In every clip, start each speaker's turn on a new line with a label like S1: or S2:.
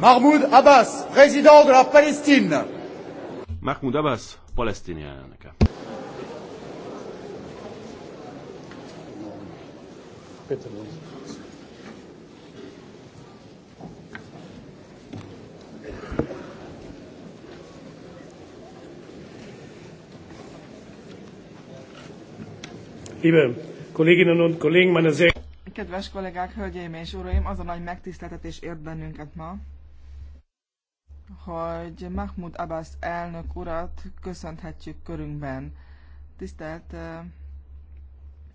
S1: Mahmoud Abbas, président de la Palestine. Mahmoud Abbas, palestinien. Liebe Kolleginnen und Kollegen, meine sehr Kedves kollégák, hölgyeim és uraim, az a nagy megtiszteltetés ért bennünket ma, hogy Mahmoud Abbas elnök urat köszönhetjük körünkben. Tisztelt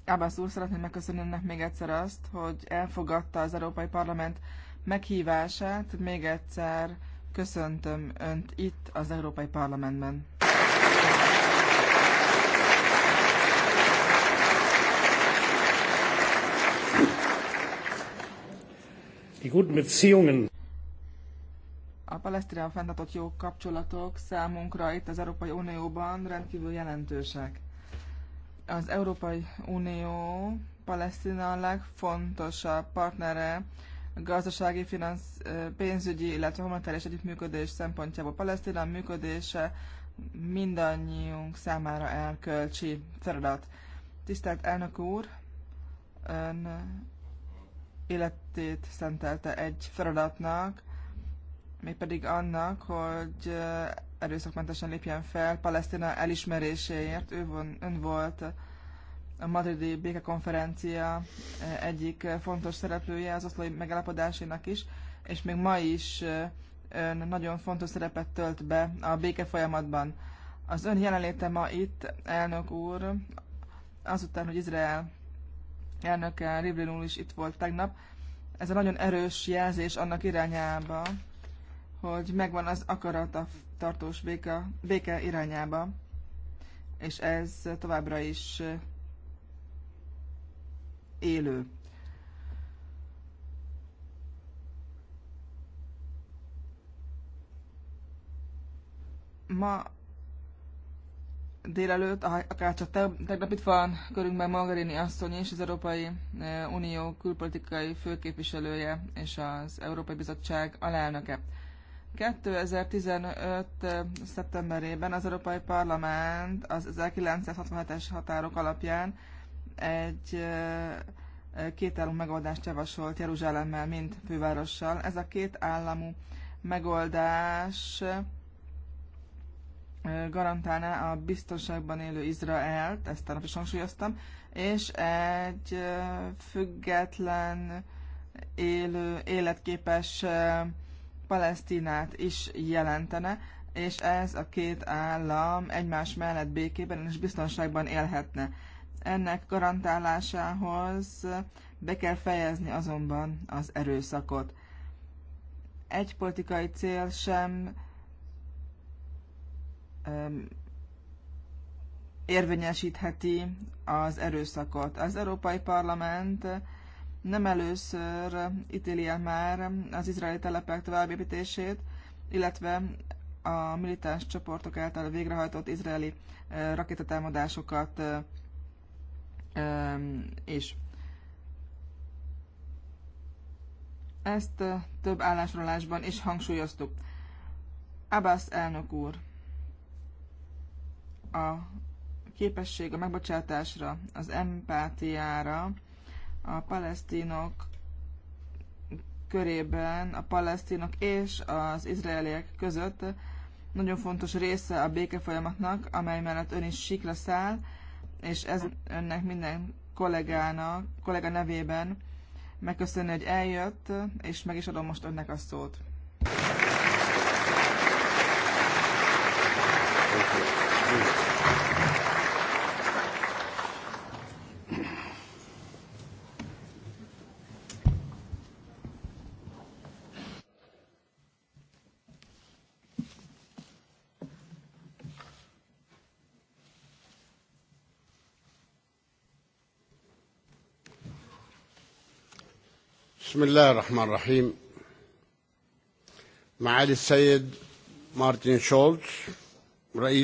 S1: Abbas úr, szeretném megköszönni önnek még egyszer azt, hogy elfogadta az Európai Parlament meghívását. Még egyszer köszöntöm Önt itt az Európai Parlamentben. Die guten Beziehungen Palesztinával fenntartott jó kapcsolatok számunkra itt az Európai Unióban rendkívül jelentősek. Az Európai Unió Palesztina a legfontosabb partnere gazdasági, finansz, pénzügyi, illetve humanitárius együttműködés szempontjából Palesztina működése mindannyiunk számára elkölcsi feladat. Tisztelt elnök úr, ön életét szentelte egy feladatnak, mégpedig annak, hogy erőszakmentesen lépjen fel Palesztina elismeréséért. Ő von, ön volt a madridi békekonferencia egyik fontos szereplője az oszlói megállapodásének is, és még ma is ön nagyon fontos szerepet tölt be a béke folyamatban. Az ön jelenléte ma itt, elnök úr, azután, hogy Izrael elnöke Rivlin úr is itt volt tegnap, ez a nagyon erős jelzés annak irányába, hogy megvan az akarat a tartós béke, béke irányába, és ez továbbra is élő. Ma délelőtt, akár csak tegnap itt van körünkben Margarini asszony és az Európai eh, Unió külpolitikai főképviselője és az Európai Bizottság alelnöke. 2015. szeptemberében az Európai Parlament az 1967-es határok alapján egy kétállami megoldást javasolt Jeruzsálemmel, mint fővárossal. Ez a két államú megoldás garantálná a biztonságban élő Izraelt, ezt tegnap is hangsúlyoztam, és egy független, élő, életképes Palesztinát is jelentene, és ez a két állam egymás mellett békében és biztonságban élhetne. Ennek garantálásához be kell fejezni azonban az erőszakot. Egy politikai cél sem um, érvényesítheti az erőszakot. Az Európai Parlament nem először ítéli el már az izraeli telepek továbbépítését, illetve a militáns csoportok által végrehajtott izraeli rakétatámadásokat is. Ezt több állásolásban is hangsúlyoztuk. Abbas elnök úr, a képesség a megbocsátásra, az empátiára, a palesztinok körében, a palesztinok és az izraeliek között nagyon fontos része a béke folyamatnak, amely mellett ön is sikra száll, és ez önnek minden kollégának, kollega nevében megköszönni, hogy eljött, és meg is adom most önnek a szót. Thank you. بسم الله الرحمن الرحيم معالي السيد مارتن شولز رئيس